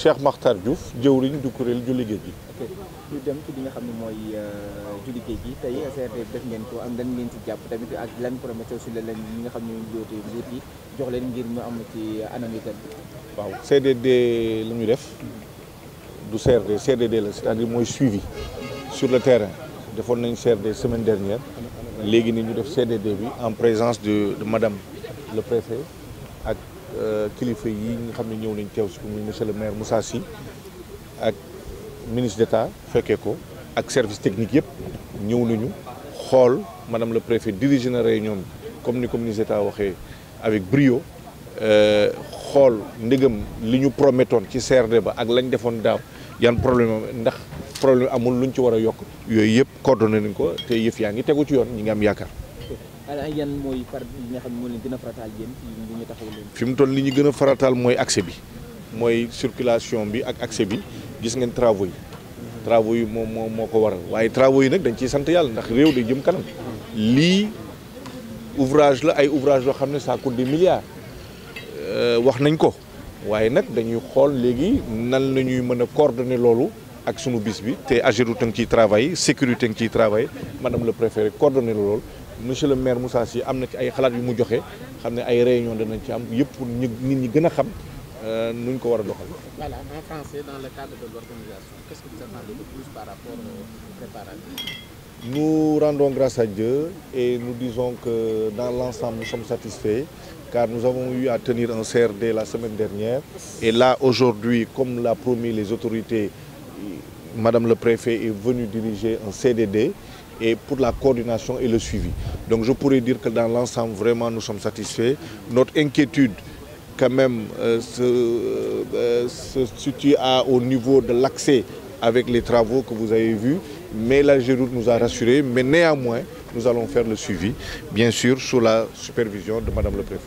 Cheikh Makhtar Diouf jëwriñ du kuréel julli géej gi. ok ñu dem ci li nga xam ne mooy euh, julli géej gi tey CRD def ngeen ko am lan ngeen ci jàpp tamit ak lan promotion su la leen ñi nga xam ne ñu joote nguur jox leen ngir ñu am ci anam yi waaw CDD la ñu def du CRD CDD la c'est-à-dire mooy suivi sur le terrain defoon nañ CRD semaine dernière léegi ni ñu def CDD bi en présence de de madame le préfet Euh, kilifa yi nga xam ne ñëw nañ teew si ko muy monsieur maire Moussa Sy ak ministre d'État fekkee ko ak service technique yëpp ñëw nañu xool madame le préfet dirigé na réunion bi comme ni ko ministre d'État waxee avec brio euh, xool ndegam li ñu promettoon ci CRD ba ak lañ defoon daaw yan problème ndax problème amul luñ ci war a yokk yooyu yëpp coordonné nañ ko te yëf yaa ngi tegu ci yoon ñi ngi am yaakaar yan mooy moo leen gën a farataal yéen li ñu taxaw leen. fi mu toll li ñu gën a farataal mooy accès bi mooy circulation bi ak accès bi gis ngeen travaux yi. travaux yi moom moo moo ko waral waaye travaux yi nag dañ ciy sant yàlla ndax réew day jëm kanam. lii ouvrage la ay ouvrage yoo xam ne ça coûte des milliards euh, wax nañ ko waaye nag dañuy xool léegi nan la ñuy mën a coordonner loolu ak sunu bis bi te Ageroute a ngi ciy travail sécurité a ngi ciy travail madame le préfet coordonner loolu monsieur le maire Moussa Sy am na ci ay xalaat yu mu joxe xam ne ay réunion danañ ci am yëpp pour ñu nit ñi gën a xam euh, nuñ ko war a doxal. en français dans le cadre de l'organisation qu'est-ce que vous attendez de plus par rapport aux préparatifs Nous rendons grâce à Dieu et nous disons que dans l'ensemble, nous sommes satisfaits car nous avons eu à tenir un CRD la semaine dernière. Et là, aujourd'hui, comme l'a promis les autorités, Madame le Préfet est venue diriger un CDD. et pour la coordination et le suivi. Donc je pourrais dire que dans l'ensemble, vraiment, nous sommes satisfaits. Notre inquiétude, quand même, euh, euh, se, situe à, au niveau de l'accès avec les travaux que vous avez vus, mais la Géroute nous a rassurés, mais néanmoins, nous allons faire le suivi, bien sûr, sous la supervision de Madame le Préfet.